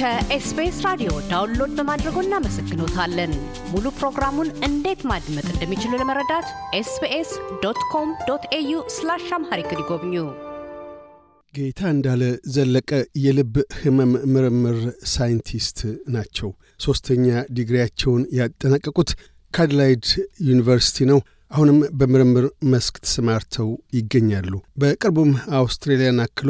ከኤስቢኤስ ራዲዮ ዳውንሎድ በማድረጎ እናመሰግኖታለን። ሙሉ ፕሮግራሙን እንዴት ማድመጥ እንደሚችሉ ለመረዳት ኤስቢኤስ ዶት ኮም ዶት ኤዩ ስላሽ አምሃሪክ ይጎብኙ። ጌታ እንዳለ ዘለቀ የልብ ህመም ምርምር ሳይንቲስት ናቸው። ሦስተኛ ዲግሪያቸውን ያጠናቀቁት ካድላይድ ዩኒቨርሲቲ ነው። አሁንም በምርምር መስክ ተሰማርተው ይገኛሉ። በቅርቡም አውስትሬልያን አክሎ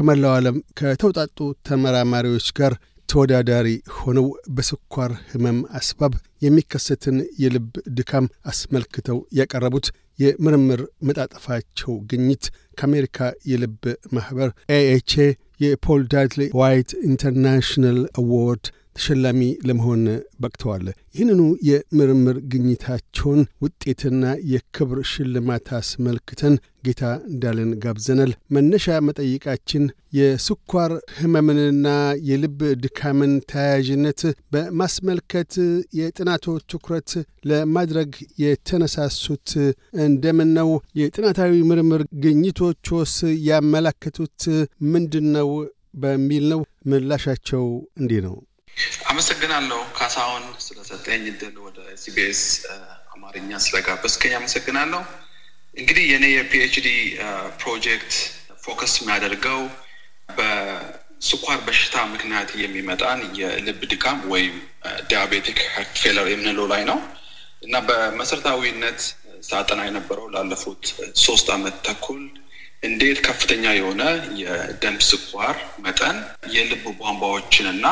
ከመላው ዓለም ከተውጣጡ ተመራማሪዎች ጋር ተወዳዳሪ ሆነው በስኳር ህመም አስባብ የሚከሰትን የልብ ድካም አስመልክተው ያቀረቡት የምርምር መጣጠፋቸው ግኝት ከአሜሪካ የልብ ማኅበር ኤኤችኤ የፖል ዳድሊ ዋይት ኢንተርናሽናል አዋርድ ተሸላሚ ለመሆን በቅተዋል። ይህንኑ የምርምር ግኝታቸውን ውጤትና የክብር ሽልማት አስመልክተን ጌታ እንዳለን ጋብዘናል። መነሻ መጠይቃችን የስኳር ህመምንና የልብ ድካምን ተያያዥነት በማስመልከት የጥናቶ ትኩረት ለማድረግ የተነሳሱት እንደምን ነው? የጥናታዊ ምርምር ግኝቶችስ ያመላከቱት ምንድን ነው በሚል ነው። ምላሻቸው እንዲህ ነው። አመሰግናለሁ ካሳሁን ስለሰጠኝ እድል ወደ ሲቢኤስ አማርኛ ስለጋበዝከኝ አመሰግናለሁ። እንግዲህ የእኔ የፒኤችዲ ፕሮጀክት ፎከስ የሚያደርገው በስኳር በሽታ ምክንያት የሚመጣን የልብ ድካም ወይም ዲያቤቲክ ሄርት ፌለር የምንለው ላይ ነው እና በመሰረታዊነት ሳጠና የነበረው ላለፉት ሶስት አመት ተኩል እንዴት ከፍተኛ የሆነ የደም ስኳር መጠን የልብ ቧንቧዎችን እና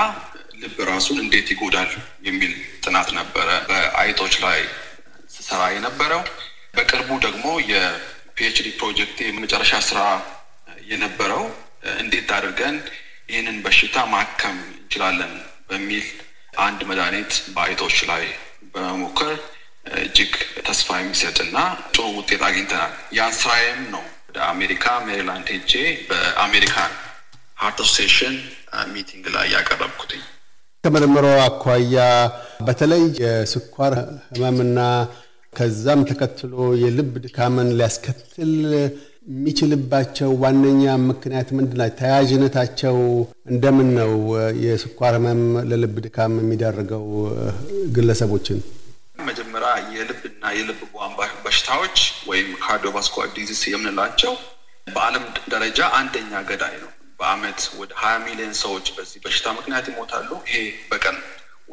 ልብ ራሱን እንዴት ይጎዳል የሚል ጥናት ነበረ በአይጦች ላይ ስሰራ የነበረው። በቅርቡ ደግሞ የፒኤችዲ ፕሮጀክት የመጨረሻ ስራ የነበረው እንዴት አድርገን ይህንን በሽታ ማከም እንችላለን በሚል አንድ መድኃኒት በአይጦች ላይ በመሞከር እጅግ ተስፋ የሚሰጥና ጥሩ ውጤት አግኝተናል። ያን ስራዬም ነው ወደ አሜሪካ ሜሪላንድ ሄጄ በአሜሪካን ሀርት አሶሲዬሽን ሚቲንግ ላይ ያቀረብኩትኝ። ከምርምሮ አኳያ በተለይ የስኳር ህመምና ከዛም ተከትሎ የልብ ድካምን ሊያስከትል የሚችልባቸው ዋነኛ ምክንያት ምንድን ናቸው? ተያያዥነታቸው እንደምን ነው? የስኳር ህመም ለልብ ድካም የሚዳርገው ግለሰቦችን መጀመሪያ የልብና የልብ ቧንቧ በሽታዎች ወይም ካርዲዮቫስኩላር ዲዚስ የምንላቸው በዓለም ደረጃ አንደኛ ገዳይ ነው። በአመት ወደ ሀያ ሚሊዮን ሰዎች በዚህ በሽታ ምክንያት ይሞታሉ። ይሄ በቀን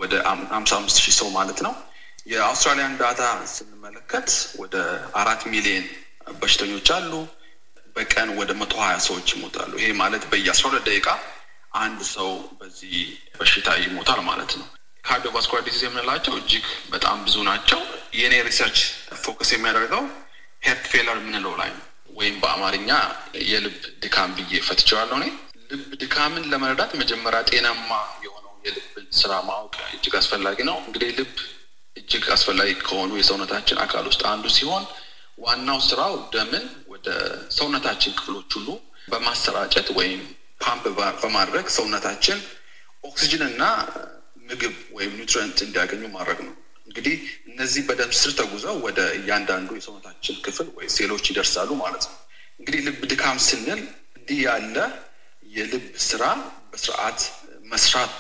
ወደ ሀምሳ አምስት ሺህ ሰው ማለት ነው። የአውስትራሊያን ዳታ ስንመለከት ወደ አራት ሚሊዮን በሽተኞች አሉ። በቀን ወደ መቶ ሀያ ሰዎች ይሞታሉ። ይሄ ማለት በየአስራ ሁለት ደቂቃ አንድ ሰው በዚህ በሽታ ይሞታል ማለት ነው። ካርዲዮቫስኩላር ዲዚዝ የምንላቸው እጅግ በጣም ብዙ ናቸው። የእኔ ሪሰርች ፎከስ የሚያደርገው ሄርት ፌለር የምንለው ላይ ነው። ወይም በአማርኛ የልብ ድካም ብዬ ፈትቸዋለሁ። እኔ ልብ ድካምን ለመረዳት መጀመሪያ ጤናማ የሆነው የልብን ስራ ማወቅ እጅግ አስፈላጊ ነው። እንግዲህ ልብ እጅግ አስፈላጊ ከሆኑ የሰውነታችን አካል ውስጥ አንዱ ሲሆን ዋናው ስራው ደምን ወደ ሰውነታችን ክፍሎች ሁሉ በማሰራጨት ወይም ፓምፕ በማድረግ ሰውነታችን ኦክሲጅን እና ምግብ ወይም ኒውትሪንት እንዲያገኙ ማድረግ ነው። እንግዲህ እነዚህ በደም ስር ተጉዘው ወደ እያንዳንዱ የሰውነታችን ክፍል ወይ ሴሎች ይደርሳሉ ማለት ነው። እንግዲህ ልብ ድካም ስንል እንዲህ ያለ የልብ ስራ በስርዓት መስራት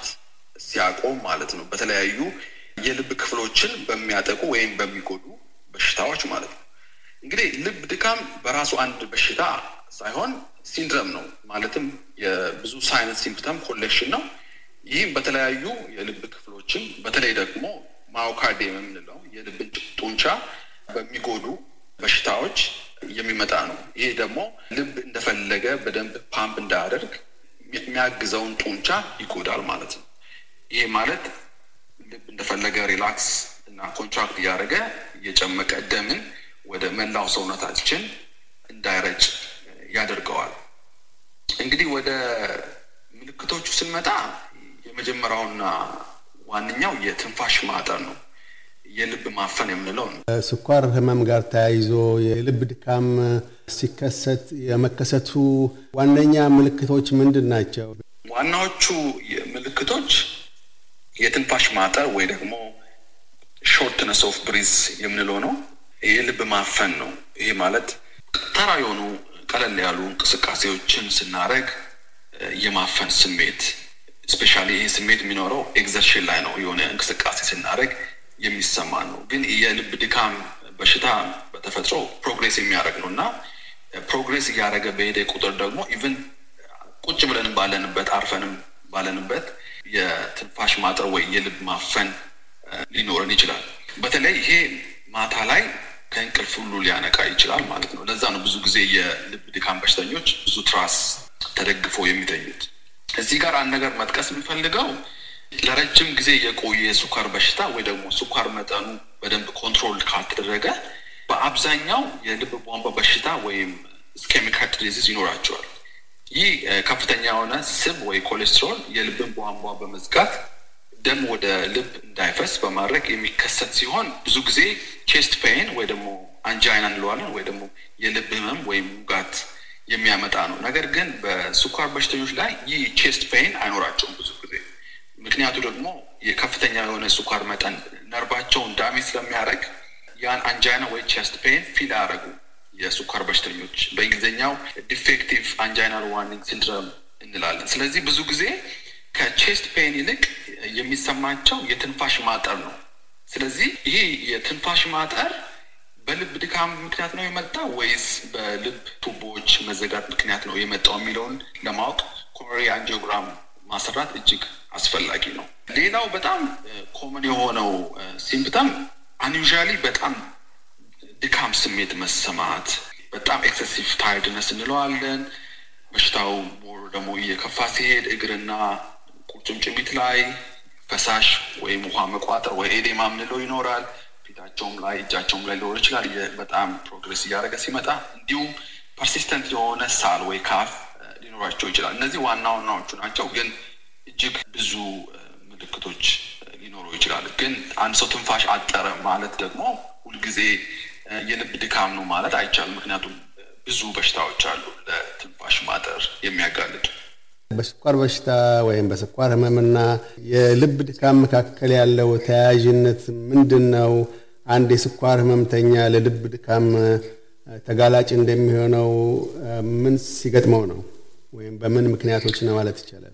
ሲያቆም ማለት ነው። በተለያዩ የልብ ክፍሎችን በሚያጠቁ ወይም በሚጎዱ በሽታዎች ማለት ነው። እንግዲህ ልብ ድካም በራሱ አንድ በሽታ ሳይሆን ሲንድረም ነው። ማለትም የብዙ ሳይነት ሲምፕተም ኮሌክሽን ነው። ይህም በተለያዩ የልብ ክፍሎችን በተለይ ደግሞ ማዮካርዲየም የምንለው የልብን ጡንቻ በሚጎዱ በሽታዎች የሚመጣ ነው። ይህ ደግሞ ልብ እንደፈለገ በደንብ ፓምፕ እንዳያደርግ የሚያግዘውን ጡንቻ ይጎዳል ማለት ነው። ይሄ ማለት ልብ እንደፈለገ ሪላክስ እና ኮንትራክት እያደረገ እየጨመቀ ደምን ወደ መላው ሰውነታችን እንዳይረጭ ያደርገዋል። እንግዲህ ወደ ምልክቶቹ ስንመጣ የመጀመሪያውና ዋነኛው የትንፋሽ ማጠር ነው። የልብ ማፈን የምንለው ነው። ስኳር ህመም ጋር ተያይዞ የልብ ድካም ሲከሰት የመከሰቱ ዋነኛ ምልክቶች ምንድን ናቸው? ዋናዎቹ ምልክቶች የትንፋሽ ማጠር ወይ ደግሞ ሾርትነስ ኦፍ ብሪዝ የምንለው ነው። የልብ ማፈን ነው። ይሄ ማለት ተራ የሆኑ ቀለል ያሉ እንቅስቃሴዎችን ስናደርግ የማፈን ስሜት ስፔሻሊ ይህ ስሜት የሚኖረው ኤግዘርሽን ላይ ነው። የሆነ እንቅስቃሴ ስናደርግ የሚሰማ ነው። ግን የልብ ድካም በሽታ በተፈጥሮ ፕሮግሬስ የሚያደርግ ነው እና ፕሮግሬስ እያደረገ በሄደ ቁጥር ደግሞ ኢቨን ቁጭ ብለን ባለንበት አርፈንም ባለንበት የትንፋሽ ማጠር ወይ የልብ ማፈን ሊኖረን ይችላል። በተለይ ይሄ ማታ ላይ ከእንቅልፍ ሁሉ ሊያነቃ ይችላል ማለት ነው። ለዛ ነው ብዙ ጊዜ የልብ ድካም በሽተኞች ብዙ ትራስ ተደግፎ የሚተኙት። እዚህ ጋር አንድ ነገር መጥቀስ የምፈልገው ለረጅም ጊዜ የቆየ የስኳር በሽታ ወይ ደግሞ ስኳር መጠኑ በደንብ ኮንትሮል ካልተደረገ በአብዛኛው የልብ ቧንቧ በሽታ ወይም ኢስኬሚክ ሃርት ዲዚዝ ይኖራቸዋል። ይህ ከፍተኛ የሆነ ስብ ወይ ኮሌስትሮል የልብን ቧንቧ በመዝጋት ደም ወደ ልብ እንዳይፈስ በማድረግ የሚከሰት ሲሆን ብዙ ጊዜ ቼስት ፔን ወይ ደግሞ አንጃይና እንለዋለን ወይ ደግሞ የልብ ህመም ወይም ሙጋት የሚያመጣ ነው። ነገር ግን በስኳር በሽተኞች ላይ ይህ ቼስት ፔን አይኖራቸውም ብዙ ጊዜ። ምክንያቱ ደግሞ የከፍተኛ የሆነ ስኳር መጠን ነርባቸውን ዳሜ ስለሚያደርግ ያን አንጃይና ወይ ቼስት ፔን ፊል አያደርጉ የስኳር በሽተኞች በእንግሊዝኛው ዲፌክቲቭ አንጃይናል ዋርኒንግ ሲንድረም እንላለን። ስለዚህ ብዙ ጊዜ ከቼስት ፔን ይልቅ የሚሰማቸው የትንፋሽ ማጠር ነው። ስለዚህ ይሄ የትንፋሽ ማጠር በልብ ድካም ምክንያት ነው የመጣ ወይስ በልብ ቱቦዎች መዘጋት ምክንያት ነው የመጣው የሚለውን ለማወቅ ኮሮነሪ አንጂዮግራም ማሰራት እጅግ አስፈላጊ ነው። ሌላው በጣም ኮመን የሆነው ሲምፕተም አንዩዣሊ በጣም ድካም ስሜት መሰማት፣ በጣም ኤክሰሲቭ ታይርድነስ እንለዋለን። በሽታው ሞር ደግሞ እየከፋ ሲሄድ እግርና ቁርጭምጭሚት ላይ ፈሳሽ ወይም ውሃ መቋጠር ወይ ኤዴማ ምንለው ይኖራል። እጃቸውም ላይ እጃቸውም ላይ ሊኖር ይችላል በጣም ፕሮግሬስ እያደረገ ሲመጣ እንዲሁም ፐርሲስተንት የሆነ ሳል ወይ ካፍ ሊኖራቸው ይችላል። እነዚህ ዋና ዋናዎቹ ናቸው፣ ግን እጅግ ብዙ ምልክቶች ሊኖሩ ይችላል። ግን አንድ ሰው ትንፋሽ አጠረ ማለት ደግሞ ሁልጊዜ የልብ ድካም ነው ማለት አይቻልም። ምክንያቱም ብዙ በሽታዎች አሉ ለትንፋሽ ማጠር የሚያጋልጡ። በስኳር በሽታ ወይም በስኳር ህመምና የልብ ድካም መካከል ያለው ተያያዥነት ምንድን ነው? አንድ የስኳር ህመምተኛ ለልብ ድካም ተጋላጭ እንደሚሆነው ምን ሲገጥመው ነው ወይም በምን ምክንያቶች ነው ማለት ይቻላል?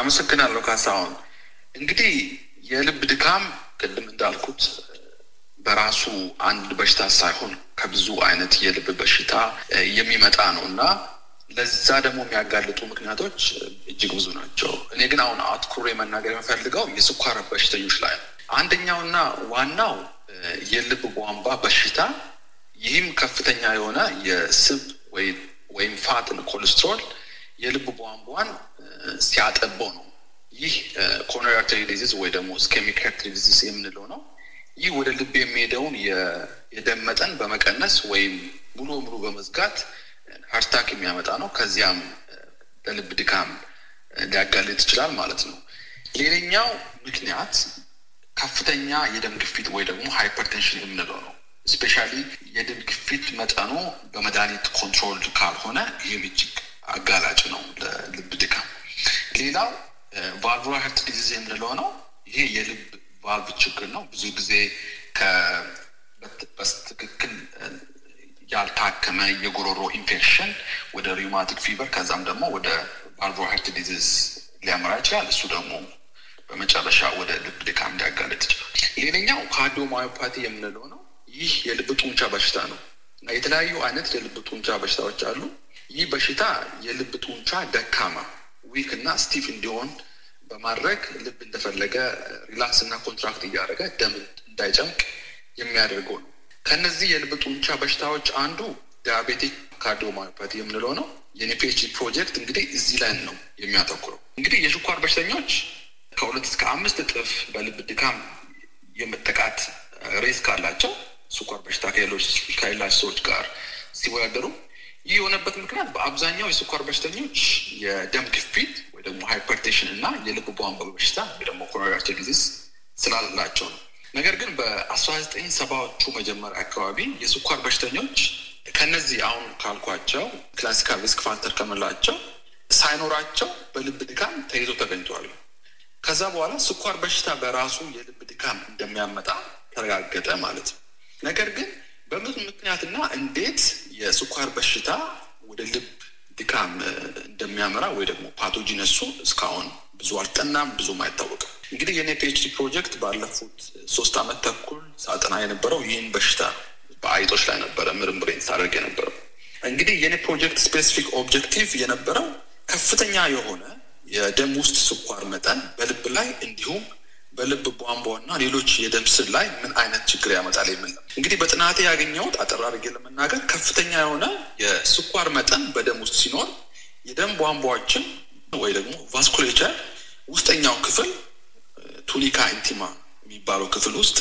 አመሰግናለሁ ካሳሁን። እንግዲህ የልብ ድካም ቅድም እንዳልኩት በራሱ አንድ በሽታ ሳይሆን ከብዙ አይነት የልብ በሽታ የሚመጣ ነው እና ለዛ ደግሞ የሚያጋልጡ ምክንያቶች እጅግ ብዙ ናቸው። እኔ ግን አሁን አትኩሮ መናገር የምፈልገው የስኳር በሽተኞች ላይ ነው። አንደኛውና ዋናው የልብ ቧንቧ በሽታ ይህም ከፍተኛ የሆነ የስብ ወይም ፋትን ኮሌስትሮል የልብ ቧንቧን ሲያጠበው ነው። ይህ ኮሮናሪ አርተሪ ዲዚዝ ወይ ደግሞ ስኬሚክ አርተሪ ዲዚዝ የምንለው ነው። ይህ ወደ ልብ የሚሄደውን የደም መጠን በመቀነስ ወይም ሙሉ ሙሉ በመዝጋት ሀርታክ የሚያመጣ ነው። ከዚያም ለልብ ድካም ሊያጋልጥ ይችላል ማለት ነው። ሌላኛው ምክንያት ከፍተኛ የደም ግፊት ወይ ደግሞ ሃይፐርቴንሽን የምንለው ነው። ስፔሻሊ የደም ግፊት መጠኑ በመድኃኒት ኮንትሮል ካልሆነ ይህም እጅግ አጋላጭ ነው ለልብ ድካም። ሌላው ቫልቩላር ሄርት ዲዚዝ የምንለው ነው። ይሄ የልብ ቫልቭ ችግር ነው። ብዙ ጊዜ በትክክል ያልታከመ የጉሮሮ ኢንፌክሽን ወደ ሪውማቲክ ፊቨር ከዛም ደግሞ ወደ ቫልቩላር ሄርት ዲዚዝ ሊያመራ ይችላል። እሱ ደግሞ በመጨረሻ ወደ ልብ ድካም ሊያጋለጥ ይችላል። ሌላኛው ካርዲዮማዮፓቲ የምንለው ነው። ይህ የልብ ጡንቻ በሽታ ነው እና የተለያዩ አይነት የልብ ጡንቻ በሽታዎች አሉ። ይህ በሽታ የልብ ጡንቻ ደካማ ዊክ እና ስቲፍ እንዲሆን በማድረግ ልብ እንደፈለገ ሪላክስ እና ኮንትራክት እያደረገ ደም እንዳይጨምቅ የሚያደርገው ነው። ከነዚህ የልብ ጡንቻ በሽታዎች አንዱ ዲያቤቲክ ካርዲዮማዮፓቲ የምንለው ነው። የኔፔች ፕሮጀክት እንግዲህ እዚህ ላይ ነው የሚያተኩረው። እንግዲህ የስኳር በሽተኞች ከሁለት እስከ አምስት እጥፍ በልብ ድካም የመጠቃት ሬስ ካላቸው ስኳር በሽታ ከሌላቸው ሰዎች ጋር ሲወዳደሩ ይህ የሆነበት ምክንያት በአብዛኛው የስኳር በሽተኞች የደም ግፊት ወይ ደግሞ ሃይፐርቴሽን እና የልብ ቧንቧ በሽታ ወይ ደግሞ ኮሮናሪ አርተሪ ዲዚዝ ስላላቸው ነው። ነገር ግን በአስራ ዘጠኝ ሰባዎቹ መጀመሪያ አካባቢ የስኳር በሽተኞች ከነዚህ አሁን ካልኳቸው ክላሲካል ሪስክ ፋክተር ከምንላቸው ሳይኖራቸው በልብ ድካም ተይዞ ተገኝተዋል። ከዛ በኋላ ስኳር በሽታ በራሱ የልብ ድካም እንደሚያመጣ ተረጋገጠ ማለት ነው። ነገር ግን በምን ምክንያትና እንዴት የስኳር በሽታ ወደ ልብ ድካም እንደሚያመራ ወይ ደግሞ ፓቶጂነሱ እስካሁን ብዙ አልጠናም፣ ብዙም አይታወቅም። እንግዲህ የኔ ፒኤችዲ ፕሮጀክት ባለፉት ሶስት ዓመት ተኩል ሳጠና የነበረው ይህን በሽታ በአይጦች ላይ ነበረ ምርምሬን ሳደርግ የነበረው። እንግዲህ የኔ ፕሮጀክት ስፔሲፊክ ኦብጀክቲቭ የነበረው ከፍተኛ የሆነ የደም ውስጥ ስኳር መጠን በልብ ላይ እንዲሁም በልብ ቧንቧ እና ሌሎች የደም ስር ላይ ምን አይነት ችግር ያመጣል የሚል ነው። እንግዲህ በጥናቴ ያገኘሁት አጠር አድርጌ ለመናገር ከፍተኛ የሆነ የስኳር መጠን በደም ውስጥ ሲኖር የደም ቧንቧዎችን ወይ ደግሞ ቫስኩሌቸር ውስጠኛው ክፍል ቱኒካ ኢንቲማ የሚባለው ክፍል ውስጥ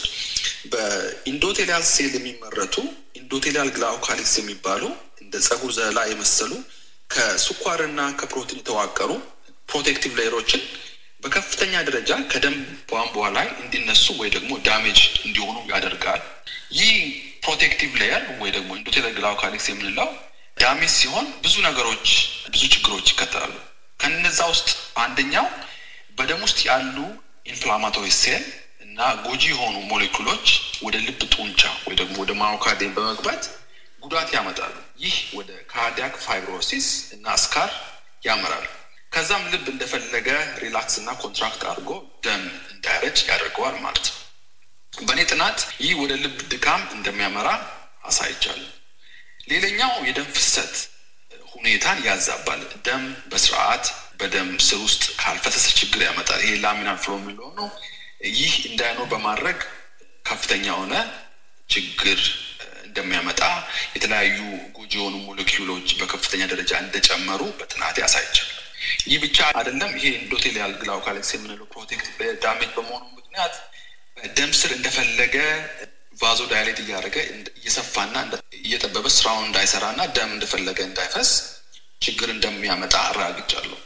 በኢንዶቴሊያል ሴል የሚመረቱ ኢንዶቴሊያል ግላውካሊክስ የሚባሉ እንደ ጸጉር ዘላ የመሰሉ ከስኳርና ከፕሮቲን የተዋቀሩ ፕሮቴክቲቭ ሌየሮችን በከፍተኛ ደረጃ ከደም ቧንቧ ላይ እንዲነሱ ወይ ደግሞ ዳሜጅ እንዲሆኑ ያደርጋል። ይህ ፕሮቴክቲቭ ሌየር ወይ ደግሞ ኢንዶቴል ግላውካሊክስ የምንለው ዳሜጅ ሲሆን ብዙ ነገሮች ብዙ ችግሮች ይከተላሉ። ከነዛ ውስጥ አንደኛው በደም ውስጥ ያሉ ኢንፍላማቶሪ ሴል እና ጎጂ የሆኑ ሞሌኩሎች ወደ ልብ ጡንቻ ወይ ደግሞ ወደ ማዮካርዲየም በመግባት ጉዳት ያመጣሉ። ይህ ወደ ካርዲያክ ፋይብሮሲስ እና ስካር ያመራል። ከዛም ልብ እንደፈለገ ሪላክስ እና ኮንትራክት አድርጎ ደም እንዳያረጭ ያደርገዋል ማለት ነው። በእኔ ጥናት ይህ ወደ ልብ ድካም እንደሚያመራ አሳይቻለሁ። ሌላኛው የደም ፍሰት ሁኔታን ያዛባል። ደም በስርዓት በደም ስር ውስጥ ካልፈሰሰ ችግር ያመጣል። ይሄ ላሚናር ፍሎ የሚለው ነው። ይህ እንዳይኖር በማድረግ ከፍተኛ የሆነ ችግር እንደሚያመጣ የተለያዩ ጎጂ የሆኑ ሞለኪውሎች በከፍተኛ ደረጃ እንደጨመሩ በጥናት ያሳይቻል። ይህ ብቻ አይደለም። ይሄ ኢንዶቴሊያል ግላውካሌክስ የምንለው ፕሮቴክት ዳሜጅ በመሆኑ ምክንያት ደም ስር እንደፈለገ ቫዞ ዳይሌት እያደረገ እየሰፋና እየጠበበ ስራውን እንዳይሰራና ደም እንደፈለገ እንዳይፈስ ችግር እንደሚያመጣ አረጋግጫለሁ።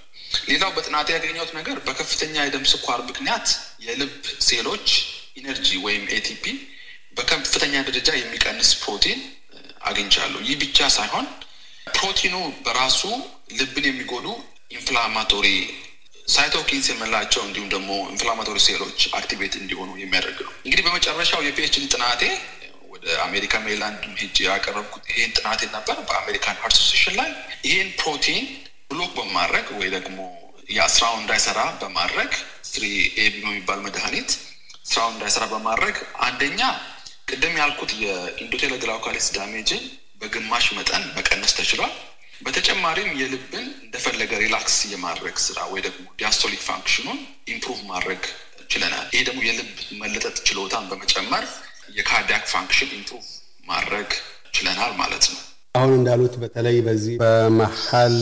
ሌላው በጥናት ያገኘሁት ነገር በከፍተኛ የደም ስኳር ምክንያት የልብ ሴሎች ኢነርጂ ወይም ኤቲፒ በከፍተኛ ደረጃ የሚቀንስ ፕሮቲን አግኝቻለሁ። ይህ ብቻ ሳይሆን ፕሮቲኑ በራሱ ልብን የሚጎዱ ኢንፍላማቶሪ ሳይቶኪንስ የምንላቸው እንዲሁም ደግሞ ኢንፍላማቶሪ ሴሎች አክቲቬት እንዲሆኑ የሚያደርግ ነው። እንግዲህ በመጨረሻው የፒኤችዲ ጥናቴ ወደ አሜሪካ ሜሪላንድ ሄጅ ያቀረብኩት ይሄን ጥናቴ ነበር። በአሜሪካን ሃርት አሶሲዬሽን ላይ ይሄን ፕሮቲን ብሎክ በማድረግ ወይ ደግሞ የስራውን እንዳይሰራ በማድረግ ስሪ ኤቢ የሚባል መድኃኒት ስራውን እንዳይሰራ በማድረግ አንደኛ ቅድም ያልኩት የኢንዶቴል ግላይኮላይሲስ ዳሜጅን በግማሽ መጠን መቀነስ ተችሏል። በተጨማሪም የልብን እንደፈለገ ሪላክስ የማድረግ ስራ ወይ ደግሞ ዲያስቶሊክ ፋንክሽኑን ኢምፕሩቭ ማድረግ ችለናል። ይሄ ደግሞ የልብ መለጠጥ ችሎታን በመጨመር የካርዲያክ ፋንክሽን ኢምፕሩቭ ማድረግ ችለናል ማለት ነው። አሁን እንዳሉት በተለይ በዚህ በመሀል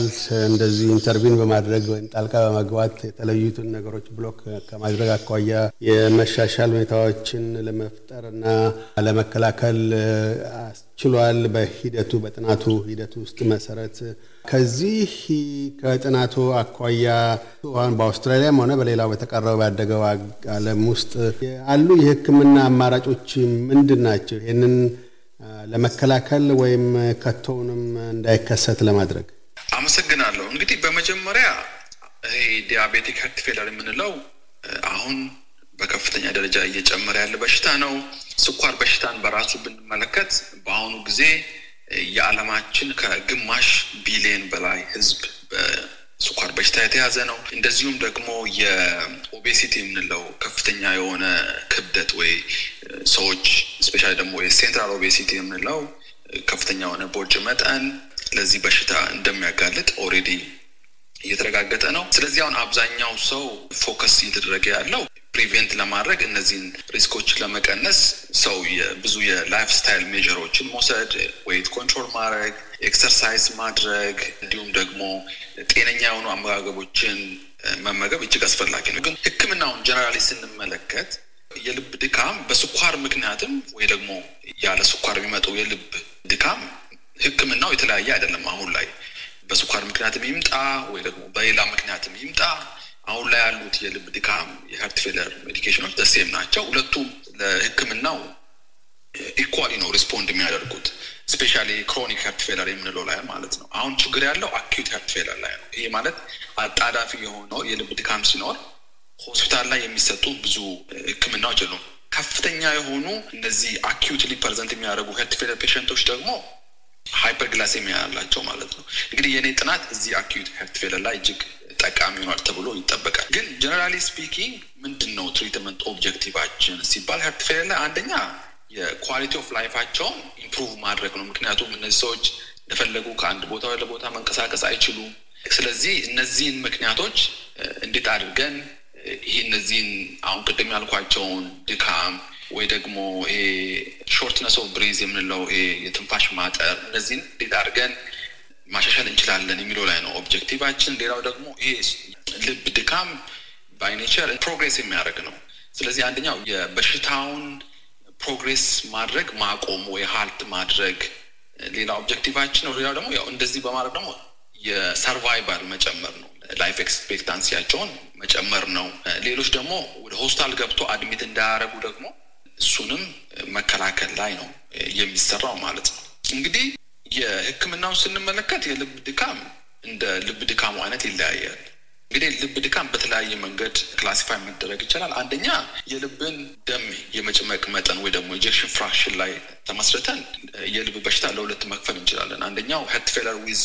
እንደዚህ ኢንተርቪን በማድረግ ወይም ጣልቃ በመግባት የተለዩትን ነገሮች ብሎክ ከማድረግ አኳያ የመሻሻል ሁኔታዎችን ለመፍጠር እና ለመከላከል ችሏል። በሂደቱ በጥናቱ ሂደቱ ውስጥ መሰረት ከዚህ ከጥናቱ አኳያ አሁን በአውስትራሊያም ሆነ በሌላው በተቀረው ባደገው ዓለም ውስጥ ያሉ የሕክምና አማራጮች ምንድን ናቸው? ይህንን ለመከላከል ወይም ከቶውንም እንዳይከሰት ለማድረግ? አመሰግናለሁ። እንግዲህ በመጀመሪያ ይሄ ዲያቤቲክ ሀርት ፌለር የምንለው አሁን በከፍተኛ ደረጃ እየጨመረ ያለ በሽታ ነው። ስኳር በሽታን በራሱ ብንመለከት በአሁኑ ጊዜ የዓለማችን ከግማሽ ቢሊዮን በላይ ሕዝብ ስኳር በሽታ የተያዘ ነው። እንደዚሁም ደግሞ የኦቤሲቲ የምንለው ከፍተኛ የሆነ ክብደት ወይ ሰዎች ስፔሻሊ ደግሞ የሴንትራል ኦቤሲቲ የምንለው ከፍተኛ የሆነ ቦርጭ መጠን ለዚህ በሽታ እንደሚያጋልጥ ኦሬዲ እየተረጋገጠ ነው። ስለዚህ አሁን አብዛኛው ሰው ፎከስ እየተደረገ ያለው ፕሪቬንት ለማድረግ እነዚህን ሪስኮች ለመቀነስ ሰው ብዙ የላይፍ ስታይል ሜጀሮችን መውሰድ፣ ዌይት ኮንትሮል ማድረግ፣ ኤክሰርሳይዝ ማድረግ እንዲሁም ደግሞ ጤነኛ የሆኑ አመጋገቦችን መመገብ እጅግ አስፈላጊ ነው። ግን ሕክምናውን ጀነራሊ ስንመለከት የልብ ድካም በስኳር ምክንያትም ወይ ደግሞ ያለ ስኳር የሚመጡ የልብ ድካም ሕክምናው የተለያየ አይደለም አሁን ላይ በስኳር ምክንያትም ይምጣ ወይ ደግሞ በሌላ ምክንያትም ይምጣ አሁን ላይ ያሉት የልብ ድካም የሀርት ፌለር ሜዲኬሽኖች ደሴም ናቸው። ሁለቱም ለህክምናው ኢኳሊ ነው ሪስፖንድ የሚያደርጉት ስፔሻ ክሮኒክ ሀርት ፌለር የምንለው ላይ ማለት ነው። አሁን ችግር ያለው አኪዩት ሀርት ፌለር ላይ ነው። ይሄ ማለት አጣዳፊ የሆነው የልብ ድካም ሲኖር ሆስፒታል ላይ የሚሰጡ ብዙ ህክምናዎች የሉም። ከፍተኛ የሆኑ እነዚህ አኪዩት ሊፐርዘንት የሚያደርጉ ሀርት ፌለር ፔሽንቶች ደግሞ ሃይፐርግላሴሚያ ያላቸው ማለት ነው። እንግዲህ የእኔ ጥናት እዚህ አኪዩት ሄርት ፌለር ላይ እጅግ ጠቃሚ ሆኗል ተብሎ ይጠበቃል። ግን ጀነራሊ ስፒኪንግ ምንድን ነው ትሪትመንት ኦብጀክቲቫችን ሲባል ሄርት ፌለር ላይ አንደኛ የኳሊቲ ኦፍ ላይፋቸውን ኢምፕሩቭ ማድረግ ነው። ምክንያቱም እነዚህ ሰዎች እንደፈለጉ ከአንድ ቦታ ወደ ቦታ መንቀሳቀስ አይችሉም። ስለዚህ እነዚህን ምክንያቶች እንዴት አድርገን ይህ እነዚህን አሁን ቅድም ያልኳቸውን ድካም ወይ ደግሞ ሾርትነስ ኦፍ ብሬዝ የምንለው የትንፋሽ ማጠር እነዚህን እንዴት አድርገን ማሻሻል እንችላለን የሚለው ላይ ነው ኦብጀክቲቫችን። ሌላው ደግሞ ይሄ ልብ ድካም ባይኔቸር ፕሮግሬስ የሚያደርግ ነው። ስለዚህ አንደኛው የበሽታውን ፕሮግሬስ ማድረግ ማቆም ወይ ሀልት ማድረግ ሌላ ኦብጀክቲቫችን ነው። ሌላው ደግሞ ያው እንደዚህ በማድረግ ደግሞ የሰርቫይቫል መጨመር ነው። ላይፍ ኤክስፔክታንሲያቸውን መጨመር ነው። ሌሎች ደግሞ ወደ ሆስፒታል ገብቶ አድሚት እንዳያደረጉ ደግሞ እሱንም መከላከል ላይ ነው የሚሰራው ማለት ነው። እንግዲህ የህክምናውን ስንመለከት የልብ ድካም እንደ ልብ ድካሙ አይነት ይለያያል። እንግዲህ ልብ ድካም በተለያየ መንገድ ክላሲፋይ መደረግ ይቻላል። አንደኛ የልብን ደም የመጭመቅ መጠን ወይ ደግሞ ኢንጀክሽን ፍራክሽን ላይ ተመስርተን የልብ በሽታ ለሁለት መክፈል እንችላለን። አንደኛው ሄርት ፌለር ዊዝ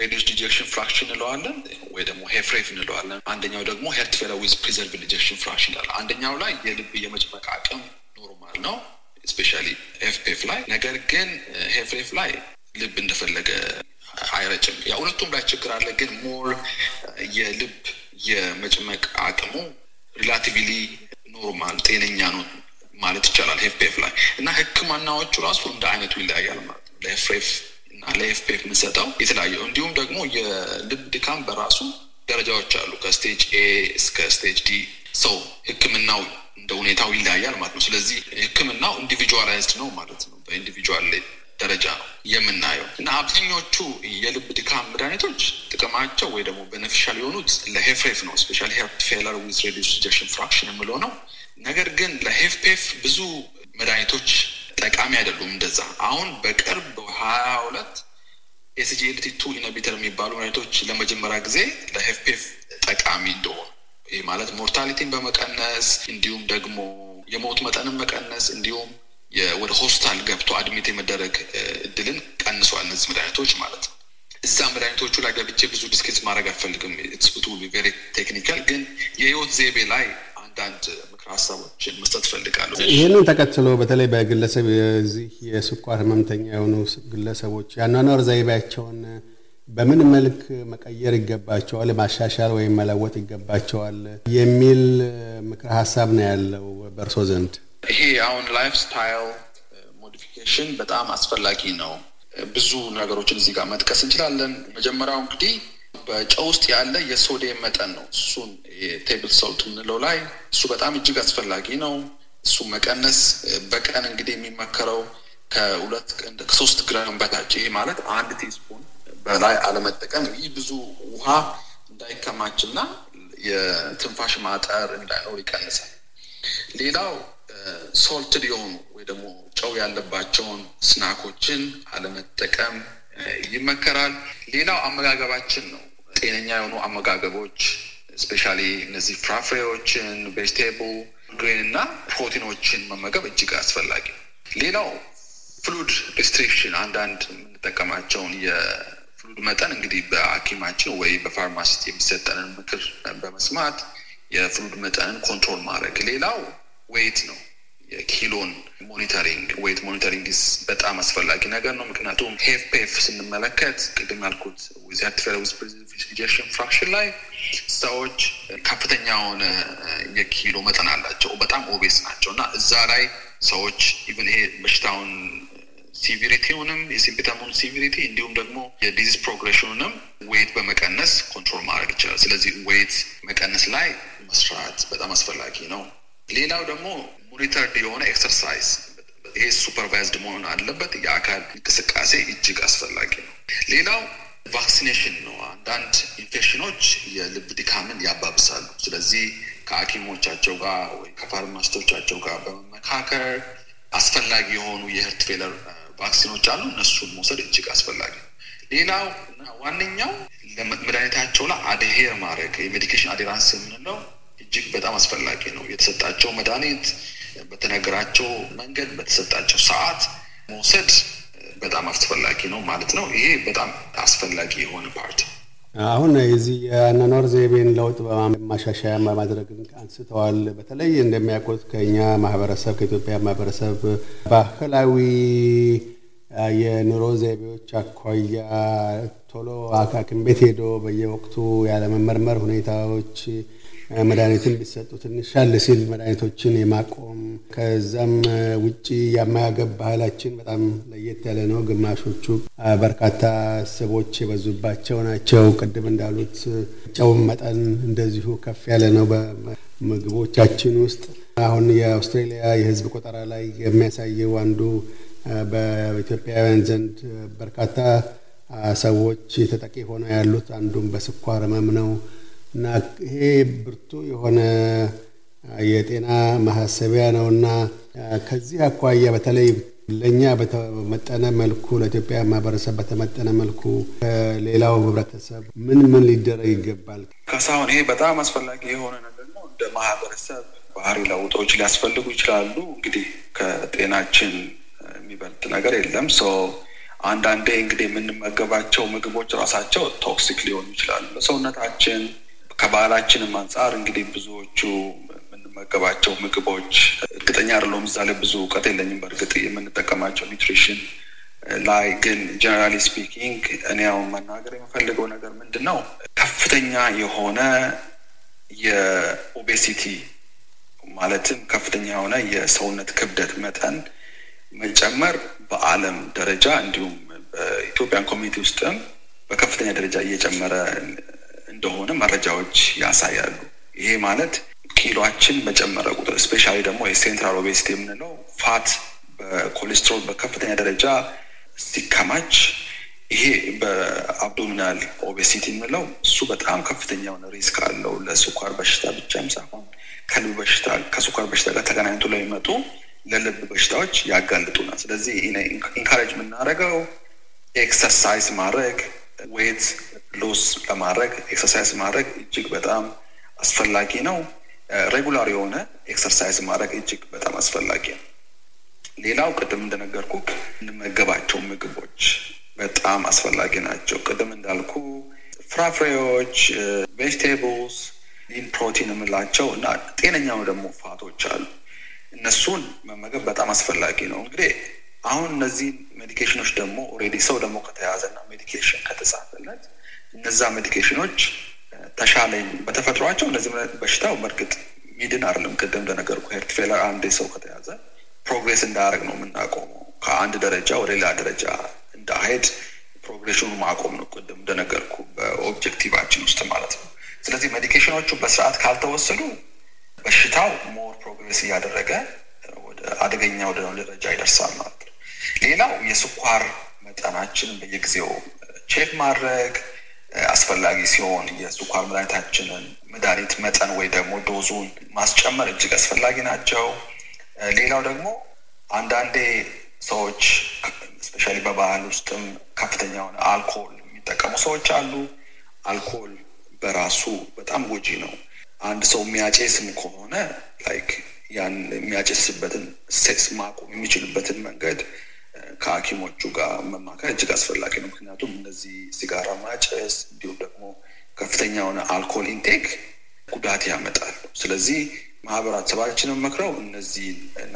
ሬዲስ ኢንጀክሽን ፍራክሽን እንለዋለን ወይ ደግሞ ሄፍሬፍ እንለዋለን። አንደኛው ደግሞ ሄርት ፌለር ዊዝ ፕሪዘርቭ ኢንጀክሽን ፍራክሽን ይላል። አንደኛው ላይ የልብ የመጭመቅ አቅም ኖርማል ነው ስፔሻሊ ኤፍኤፍ ላይ። ነገር ግን ኤፍኤፍ eh, ላይ ልብ እንደፈለገ አይረጭም። ያ ሁለቱም ላይ ችግር አለ፣ ግን ሞር eh, የልብ የመጭመቅ አቅሙ ሪላቲቪሊ ኖርማል ጤነኛ ነው ማለት ይቻላል ኤፍፒኤፍ ላይ እና ሕክምናዎቹ ራሱ እንደ አይነቱ ይለያያል ማለት ነው። እና ለኤፍፒኤፍ የምንሰጠው የተለያየ እንዲሁም ደግሞ የልብ ድካም በራሱ ደረጃዎች አሉ ከስቴጅ ኤ እስከ ስቴጅ ዲ ሰው ህክምናው እንደ ሁኔታው ይለያያል ማለት ነው። ስለዚህ ህክምናው ኢንዲቪጁዋላይዝድ ነው ማለት ነው። በኢንዲቪጁዋል ደረጃ ነው የምናየው እና አብዛኞቹ የልብ ድካም መድኃኒቶች ጥቅማቸው ወይ ደግሞ በነፊሻል የሆኑት ለሄፍሬፍ ነው ስፔሻል ሄርት ፌለር ዊዝ ሬዲስ ኢጀክሽን ፍራክሽን የምለው ነው። ነገር ግን ለሄፍፔፍ ብዙ መድኃኒቶች ጠቃሚ አይደሉም። እንደዛ አሁን በቅርብ ሀያ ሁለት ኤስጂኤልቲ ቱ ኢነቢተር የሚባሉ መድኃኒቶች ለመጀመሪያ ጊዜ ለሄፍፔፍ ጠቃሚ እንደሆኑ ይህ ማለት ሞርታሊቲን በመቀነስ እንዲሁም ደግሞ የሞት መጠንን መቀነስ እንዲሁም ወደ ሆስፒታል ገብቶ አድሚት የመደረግ እድልን ቀንሷል። እነዚህ መድኃኒቶች ማለት ነው። እዛ መድኃኒቶቹ ላይ ገብቼ ብዙ ዲስኬት ማድረግ አልፈልግም። ቬሪ ቴክኒካል ግን የህይወት ዘይቤ ላይ አንዳንድ ምክር ሀሳቦችን መስጠት እፈልጋለሁ። ይህንን ተከትሎ በተለይ በግለሰብ የዚህ የስኳር ህመምተኛ የሆኑ ግለሰቦች የአኗኗር ዘይቤያቸውን በምን መልክ መቀየር ይገባቸዋል፣ ማሻሻል ወይም መለወጥ ይገባቸዋል የሚል ምክረ ሀሳብ ነው ያለው በእርሶ ዘንድ? ይሄ አሁን ላይፍ ስታይል ሞዲፊኬሽን በጣም አስፈላጊ ነው። ብዙ ነገሮችን እዚህ ጋር መጥቀስ እንችላለን። መጀመሪያው እንግዲህ በጨው ውስጥ ያለ የሶዲየም መጠን ነው። እሱን የቴብል ሶልት የምንለው ላይ እሱ በጣም እጅግ አስፈላጊ ነው። እሱ መቀነስ በቀን እንግዲህ የሚመከረው ከሁለት ከሶስት ግራም በታች ማለት አንድ ቲስፑን በላይ አለመጠቀም ይህ ብዙ ውሃ እንዳይከማች እንዳይከማችና የትንፋሽ ማጠር እንዳይኖር ይቀንሳል። ሌላው ሶልትድ የሆኑ ወይ ደግሞ ጨው ያለባቸውን ስናኮችን አለመጠቀም ይመከራል። ሌላው አመጋገባችን ነው። ጤነኛ የሆኑ አመጋገቦች ስፔሻ እነዚህ ፍራፍሬዎችን፣ ቬጅቴብል ግሬን እና ፕሮቲኖችን መመገብ እጅግ አስፈላጊ ነው። ሌላው ፍሉድ ሪስትሪክሽን አንዳንድ የምንጠቀማቸውን መጠን እንግዲህ በሐኪማችን ወይ በፋርማሲስት የሚሰጠንን ምክር በመስማት የፍሉድ መጠንን ኮንትሮል ማድረግ። ሌላው ዌይት ነው። የኪሎን ሞኒተሪንግ ዌይት ሞኒተሪንግ በጣም አስፈላጊ ነገር ነው። ምክንያቱም ሄፍ ፔፍ ስንመለከት ቅድም ያልኩት ኢንጀክሽን ፍራክሽን ላይ ሰዎች ከፍተኛ የሆነ የኪሎ መጠን አላቸው፣ በጣም ኦቤስ ናቸው እና እዛ ላይ ሰዎች ኢቨን ይሄ በሽታውን ሲቪሪቲውንም የሲምፒተሙን ሲቪሪቲ እንዲሁም ደግሞ የዲዚዝ ፕሮግሬሽኑንም ዌይት በመቀነስ ኮንትሮል ማድረግ ይችላል። ስለዚህ ዌይት መቀነስ ላይ መስራት በጣም አስፈላጊ ነው። ሌላው ደግሞ ሞኒተርድ የሆነ ኤክሰርሳይዝ ይሄ ሱፐርቫይዝድ መሆን አለበት። የአካል እንቅስቃሴ እጅግ አስፈላጊ ነው። ሌላው ቫክሲኔሽን ነው። አንዳንድ ኢንፌክሽኖች የልብ ድካምን ያባብሳሉ። ስለዚህ ከሀኪሞቻቸው ጋር ወይ ከፋርማስቶቻቸው ጋር በመመካከር አስፈላጊ የሆኑ የህርት ፌለር ቫክሲኖች አሉ። እነሱን መውሰድ እጅግ አስፈላጊ ነው። ሌላው ዋነኛው መድኃኒታቸው ላይ አድሄር ማድረግ የሜዲኬሽን አዴራንስ የምንለው እጅግ በጣም አስፈላጊ ነው። የተሰጣቸው መድኃኒት በተነገራቸው መንገድ በተሰጣቸው ሰዓት መውሰድ በጣም አስፈላጊ ነው ማለት ነው። ይሄ በጣም አስፈላጊ የሆነ ፓርቲ አሁን የዚህ የአኗኗር ዘይቤን ለውጥ ማሻሻያ ማድረግን አንስተዋል። በተለይ እንደሚያውቁት ከኛ ማህበረሰብ ከኢትዮጵያ ማህበረሰብ ባህላዊ የኑሮ ዘይቤዎች አኳያ ቶሎ ሐኪም ቤት ሄዶ በየወቅቱ ያለመመርመር ሁኔታዎች መድኃኒትን ቢሰጡ ትንሽ ሻል ሲል መድኃኒቶችን የማቆም ከዛም ውጭ የአመጋገብ ባህላችን በጣም ለየት ያለ ነው። ግማሾቹ በርካታ ስቦች የበዙባቸው ናቸው። ቅድም እንዳሉት ጨውም መጠን እንደዚሁ ከፍ ያለ ነው በምግቦቻችን ውስጥ። አሁን የአውስትሬሊያ የህዝብ ቆጠራ ላይ የሚያሳየው አንዱ በኢትዮጵያውያን ዘንድ በርካታ ሰዎች ተጠቂ ሆነው ያሉት አንዱም በስኳር ህመም ነው። እና ይሄ ብርቱ የሆነ የጤና ማሳሰቢያ እና ከዚህ አኳያ በተለይ ለእኛ በተመጠነ መልኩ ለኢትዮጵያ ማህበረሰብ በተመጠነ መልኩ ከሌላው ህብረተሰብ ምን ምን ሊደረግ ይገባል? ከሳሁን ይሄ በጣም አስፈላጊ የሆነ ነገር ነው። እንደ ማህበረሰብ ባህሪ ለውጦች ሊያስፈልጉ ይችላሉ። እንግዲህ ከጤናችን የሚበልጥ ነገር የለም። ሰው አንዳንዴ እንግዲህ የምንመገባቸው ምግቦች ራሳቸው ቶክሲክ ሊሆኑ ይችላሉ ለሰውነታችን ከባህላችንም አንጻር እንግዲህ ብዙዎቹ የምንመገባቸው ምግቦች እርግጠኛ አይደለሁም። ምሳሌ ብዙ እውቀት የለኝም። በእርግጥ የምንጠቀማቸው ኒትሪሽን ላይ ግን ጀነራሊ ስፒኪንግ እኔ መናገር የምፈልገው ነገር ምንድን ነው ከፍተኛ የሆነ የኦቤሲቲ ማለትም ከፍተኛ የሆነ የሰውነት ክብደት መጠን መጨመር በዓለም ደረጃ እንዲሁም በኢትዮጵያን ኮሚኒቲ ውስጥም በከፍተኛ ደረጃ እየጨመረ እንደሆነ መረጃዎች ያሳያሉ። ይሄ ማለት ኪሎችን መጨመረ ቁጥር እስፔሻሊ ደግሞ የሴንትራል ኦቤሲቲ የምንለው ፋት በኮሌስትሮል በከፍተኛ ደረጃ ሲከማች ይሄ በአብዶሚናል ኦቤሲቲ የምንለው እሱ በጣም ከፍተኛ የሆነ ሪስክ አለው ለስኳር በሽታ ብቻም ሳይሆን ከልብ በሽታ ከስኳር በሽታ ጋር ተገናኝቶ ለሚመጡ ለልብ በሽታዎች ያጋልጡናል። ስለዚህ ኢንካሬጅ የምናደርገው ኤክሰርሳይዝ ማድረግ ዌት ሎስ ለማድረግ ኤክሰርሳይዝ ማድረግ እጅግ በጣም አስፈላጊ ነው። ሬጉላር የሆነ ኤክሰርሳይዝ ማድረግ እጅግ በጣም አስፈላጊ ነው። ሌላው ቅድም እንደነገርኩ እንመገባቸው ምግቦች በጣም አስፈላጊ ናቸው። ቅድም እንዳልኩ ፍራፍሬዎች፣ ቬጅቴብልስ፣ ሊን ፕሮቲን የምላቸው እና ጤነኛው ደግሞ ፋቶች አሉ። እነሱን መመገብ በጣም አስፈላጊ ነው እንግዲህ አሁን እነዚህ ሜዲኬሽኖች ደግሞ ኦልሬዲ ሰው ደግሞ ከተያዘና ሜዲኬሽን ከተጻፈለት እነዛ ሜዲኬሽኖች ተሻለኝ በተፈጥሯቸው እነዚህ በሽታው መርግጥ ሚድን አይደለም። ቅድም እንደነገርኩ ሄርት ፌለር አንዴ ሰው ከተያዘ ፕሮግሬስ እንዳያደርግ ነው የምናቆመው። ከአንድ ደረጃ ወደ ሌላ ደረጃ እንዳሄድ ፕሮግሬሽኑ ማቆም ነው። ቅድም እንደነገርኩ በኦብጀክቲቫችን ውስጥ ማለት ነው። ስለዚህ ሜዲኬሽኖቹ በስርዓት ካልተወሰዱ በሽታው ሞር ፕሮግሬስ እያደረገ ወደ አደገኛ ወደ ደረጃ ይደርሳል ማለት ነው። ሌላው የስኳር መጠናችንን በየጊዜው ቼክ ማድረግ አስፈላጊ ሲሆን የስኳር መድኃኒታችንን መድኃኒት መጠን ወይ ደግሞ ዶዙን ማስጨመር እጅግ አስፈላጊ ናቸው። ሌላው ደግሞ አንዳንዴ ሰዎች ስፔሻሊ በባህል ውስጥም ከፍተኛ የሆነ አልኮል የሚጠቀሙ ሰዎች አሉ። አልኮል በራሱ በጣም ጎጂ ነው። አንድ ሰው የሚያጨስም ከሆነ ላይክ ያን የሚያጨስበትን ሴስ ማቆም የሚችልበትን መንገድ ከሐኪሞቹ ጋር መማከር እጅግ አስፈላጊ ነው። ምክንያቱም እነዚህ ሲጋራ ማጨስ እንዲሁም ደግሞ ከፍተኛ የሆነ አልኮል ኢንቴክ ጉዳት ያመጣል። ስለዚህ ማህበረሰባችንን መክረው እነዚህ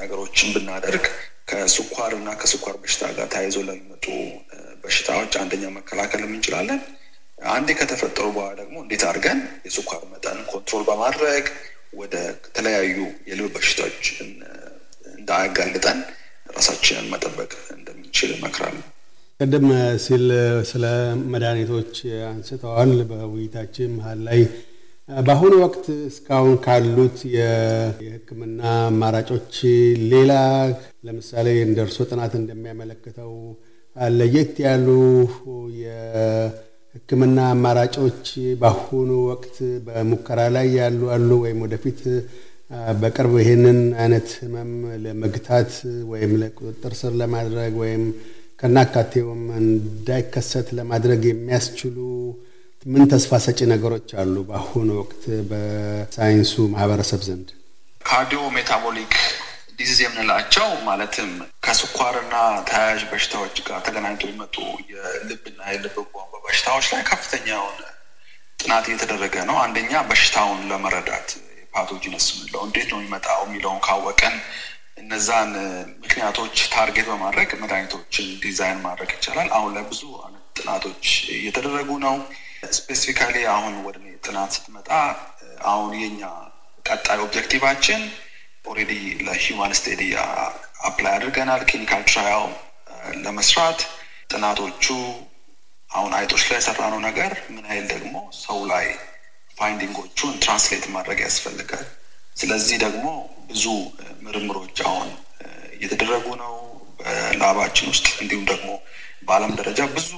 ነገሮችን ብናደርግ ከስኳር እና ከስኳር በሽታ ጋር ተያይዞ ለሚመጡ በሽታዎች አንደኛ መከላከልም እንችላለን። አንዴ ከተፈጠሩ በኋላ ደግሞ እንዴት አድርገን የስኳር መጠን ኮንትሮል በማድረግ ወደ ተለያዩ የልብ በሽታዎች እንዳያጋልጠን ራሳችንን መጠበቅ እንድንችል እመክራለሁ። ቀደም ሲል ስለ መድኃኒቶች አንስተዋል በውይይታችን መሀል ላይ። በአሁኑ ወቅት እስካሁን ካሉት የሕክምና አማራጮች ሌላ ለምሳሌ እንደ እርሶ ጥናት እንደሚያመለክተው ለየት ያሉ የሕክምና አማራጮች በአሁኑ ወቅት በሙከራ ላይ ያሉ አሉ ወይም ወደፊት በቅርብ ይህንን አይነት ህመም ለመግታት ወይም ለቁጥጥር ስር ለማድረግ ወይም ከናካቴውም እንዳይከሰት ለማድረግ የሚያስችሉ ምን ተስፋ ሰጪ ነገሮች አሉ በአሁኑ ወቅት በሳይንሱ ማህበረሰብ ዘንድ? ካርዲዮ ሜታቦሊክ ዲዚዝ የምንላቸው ማለትም ከስኳርና ተያያዥ በሽታዎች ጋር ተገናኝቶ የሚመጡ የልብና የልብ ቧንቧ በሽታዎች ላይ ከፍተኛ የሆነ ጥናት እየተደረገ ነው። አንደኛ በሽታውን ለመረዳት ፓቶጂነስ ምንለው እንዴት ነው የሚመጣው የሚለውን ካወቀን እነዛን ምክንያቶች ታርጌት በማድረግ መድኃኒቶችን ዲዛይን ማድረግ ይቻላል። አሁን ላይ ብዙ ጥናቶች እየተደረጉ ነው። ስፔሲፊካሊ አሁን ወደ ጥናት ስትመጣ አሁን የኛ ቀጣይ ኦብጀክቲቫችን ኦልሬዲ ለሂውማን ስቴዲ አፕላይ አድርገናል። ክሊኒካል ትራያል ለመስራት ጥናቶቹ አሁን አይጦች ላይ የሰራነው ነገር ምን ያህል ደግሞ ሰው ላይ ፋይንዲንጎቹን ትራንስሌት ማድረግ ያስፈልጋል። ስለዚህ ደግሞ ብዙ ምርምሮች አሁን እየተደረጉ ነው በላባችን ውስጥ እንዲሁም ደግሞ በዓለም ደረጃ ብዙ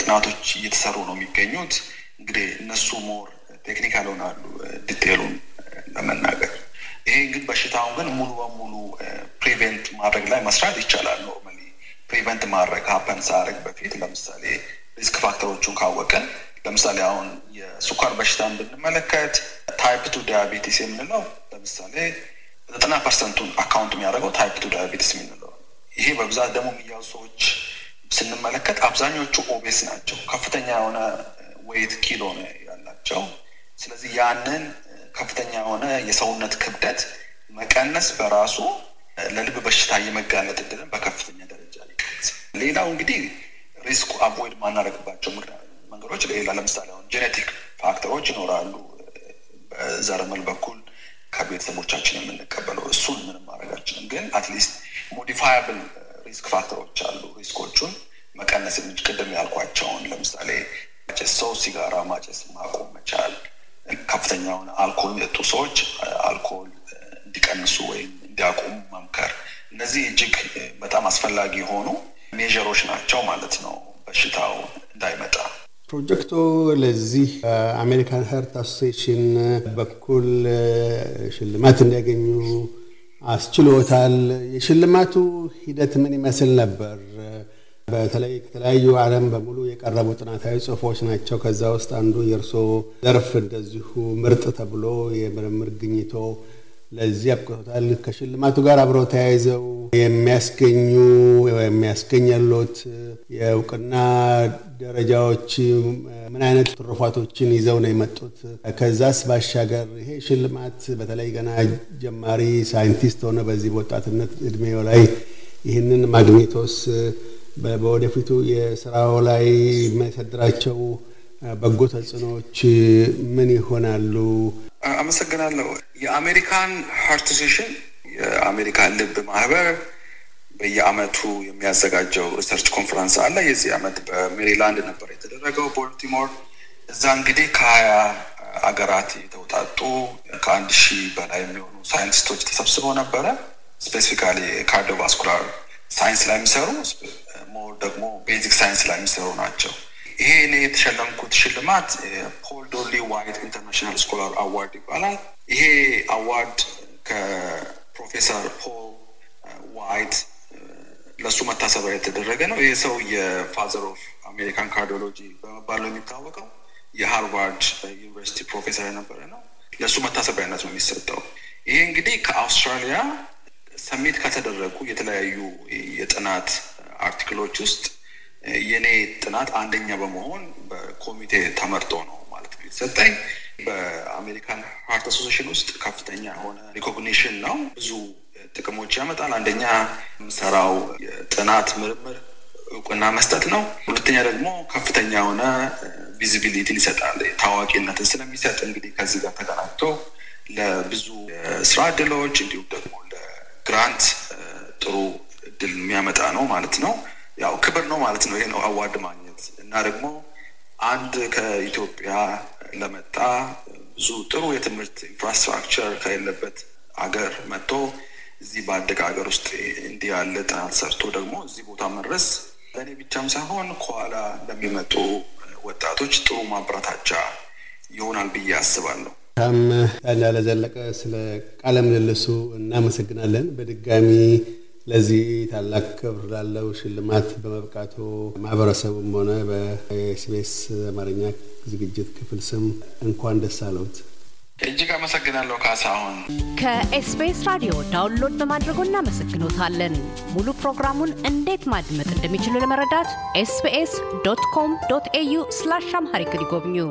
ጥናቶች እየተሰሩ ነው የሚገኙት። እንግዲህ እነሱ ሞር ቴክኒካል ሆናሉ ዲቴሉን ለመናገር። ይሄ ግን በሽታውን ግን ሙሉ በሙሉ ፕሪቨንት ማድረግ ላይ መስራት ይቻላል። ኖርማሊ ፕሪቨንት ማድረግ ሀፐን ሳያደርግ በፊት ለምሳሌ ሪስክ ፋክተሮቹን ካወቀን ለምሳሌ አሁን የስኳር በሽታን ብንመለከት ታይፕ ቱ ዳያቤቲስ የምንለው ለምሳሌ ዘጠና ፐርሰንቱን አካውንት የሚያደርገው ታይፕ ቱ ዲያቤቲስ የምንለው ይሄ በብዛት ደግሞ የሚያዙ ሰዎች ስንመለከት አብዛኞቹ ኦቤስ ናቸው። ከፍተኛ የሆነ ወይት uh, ኪሎ ነው ያላቸው። ስለዚህ ያንን uh, ከፍተኛ የሆነ የሰውነት ክብደት መቀነስ በራሱ uh, ለልብ በሽታ የመጋለጥ እድልን በከፍተኛ ደረጃ ሊቀንስ። ሌላው እንግዲህ ሪስኩ አቮይድ ማናረግባቸው ምክንያት መንገዶች ሌላ ለምሳሌ አሁን ጄኔቲክ ፋክተሮች ይኖራሉ። በዘረመል በኩል ከቤተሰቦቻችን የምንቀበለው እሱን ምንም ማድረጋችንም፣ ግን አትሊስት ሞዲፋያብል ሪስክ ፋክተሮች አሉ። ሪስኮቹን መቀነስ የምንች ቅድም ያልኳቸውን ለምሳሌ ማጨስ፣ ሰው ሲጋራ ማጨስ ማቆም መቻል፣ ከፍተኛውን አልኮል የሚጠጡ ሰዎች uh, አልኮል እንዲቀንሱ ወይም እንዲያቆሙ መምከር፣ እነዚህ እጅግ uh, በጣም አስፈላጊ የሆኑ ሜዥሮች ናቸው ማለት ነው በሽታው እንዳይመጣ ፕሮጀክቱ ለዚህ አሜሪካን ሀርት አሶሴሽን በኩል ሽልማት እንዲያገኙ አስችሎታል። የሽልማቱ ሂደት ምን ይመስል ነበር? በተለይ ከተለያዩ ዓለም በሙሉ የቀረቡ ጥናታዊ ጽሁፎች ናቸው። ከዛ ውስጥ አንዱ የእርሶ ዘርፍ እንደዚሁ ምርጥ ተብሎ የምርምር ግኝቶ ለዚህ አብቅቶታል። ከሽልማቱ ጋር አብረው ተያይዘው የሚያስገኙ የሚያስገኘሎት የእውቅና ደረጃዎች ምን አይነት ትሩፋቶችን ይዘው ነው የመጡት? ከዛስ ባሻገር ይሄ ሽልማት በተለይ ገና ጀማሪ ሳይንቲስት ሆነ በዚህ በወጣትነት እድሜው ላይ ይህንን ማግኘቶስ በወደፊቱ የስራው ላይ የሚያሳድራቸው በጎ ተጽዕኖዎች ምን ይሆናሉ? አመሰግናለሁ። የአሜሪካን ሀርት የአሜሪካን ልብ ማህበር በየአመቱ የሚያዘጋጀው ሪሰርች ኮንፈረንስ አለ። የዚህ አመት በሜሪላንድ ነበር የተደረገው ቦልቲሞር። እዛ እንግዲህ ከሀያ አገራት የተውጣጡ ከአንድ ሺህ በላይ የሚሆኑ ሳይንቲስቶች ተሰብስበው ነበረ። ስፔሲፊካሊ ካርዲዮቫስኩላር ሳይንስ ላይ የሚሰሩ ሞር ደግሞ ቤዚክ ሳይንስ ላይ የሚሰሩ ናቸው። ይሄ እኔ የተሸለምኩት ሽልማት ፖል ዶሊ ዋይት ኢንተርናሽናል ስኮላር አዋርድ ይባላል። ይሄ አዋርድ ከፕሮፌሰር ፖል ዋይት ለእሱ መታሰቢያ የተደረገ ነው። ይህ ሰው የፋዘር ኦፍ አሜሪካን ካርዲዮሎጂ በመባል ነው የሚታወቀው። የሃርቫርድ ዩኒቨርሲቲ ፕሮፌሰር የነበረ ነው። ለእሱ መታሰቢያነት ነው የሚሰጠው። ይሄ እንግዲህ ከአውስትራሊያ ሰሜት ከተደረጉ የተለያዩ የጥናት አርቲክሎች ውስጥ የኔ ጥናት አንደኛ በመሆን በኮሚቴ ተመርጦ ነው ማለት ነው የተሰጠኝ። በአሜሪካን ሀርት አሶሴሽን ውስጥ ከፍተኛ የሆነ ሪኮግኒሽን ነው። ብዙ ጥቅሞች ያመጣል። አንደኛ የምሰራው የጥናት ምርምር እውቅና መስጠት ነው። ሁለተኛ ደግሞ ከፍተኛ የሆነ ቪዚቢሊቲን ይሰጣል፣ ታዋቂነትን ስለሚሰጥ እንግዲህ ከዚህ ጋር ተቀናጅቶ ለብዙ ስራ እድሎች እንዲሁም ደግሞ ለግራንት ጥሩ እድል የሚያመጣ ነው ማለት ነው። ያው ክብር ነው ማለት ነው። ይሄ ነው አዋርድ ማግኘት እና ደግሞ አንድ ከኢትዮጵያ ለመጣ ብዙ ጥሩ የትምህርት ኢንፍራስትራክቸር ከሌለበት ሀገር መጥቶ እዚህ በአደገ ሀገር ውስጥ እንዲህ ያለ ጥናት ሰርቶ ደግሞ እዚህ ቦታ መድረስ ለእኔ ብቻም ሳይሆን ከኋላ ለሚመጡ ወጣቶች ጥሩ ማበረታቻ ይሆናል ብዬ አስባለሁ። በጣም ያለ ዘለቀ ስለ ቃለ ምልልሱ እናመሰግናለን በድጋሚ ለዚህ ታላቅ ክብር ላለው ሽልማት በመብቃቱ ማህበረሰቡም ሆነ በኤስቤስ አማርኛ ዝግጅት ክፍል ስም እንኳን ደስ አለውት። እጅግ አመሰግናለሁ ካሳሁን። ከኤስቢኤስ ራዲዮ ዳውንሎድ በማድረጉ እናመሰግኖታለን። ሙሉ ፕሮግራሙን እንዴት ማድመጥ እንደሚችሉ ለመረዳት ኤስቢኤስ ዶት ኮም ዶት ኤዩ ስላሽ አምሃሪክ ይጎብኙ።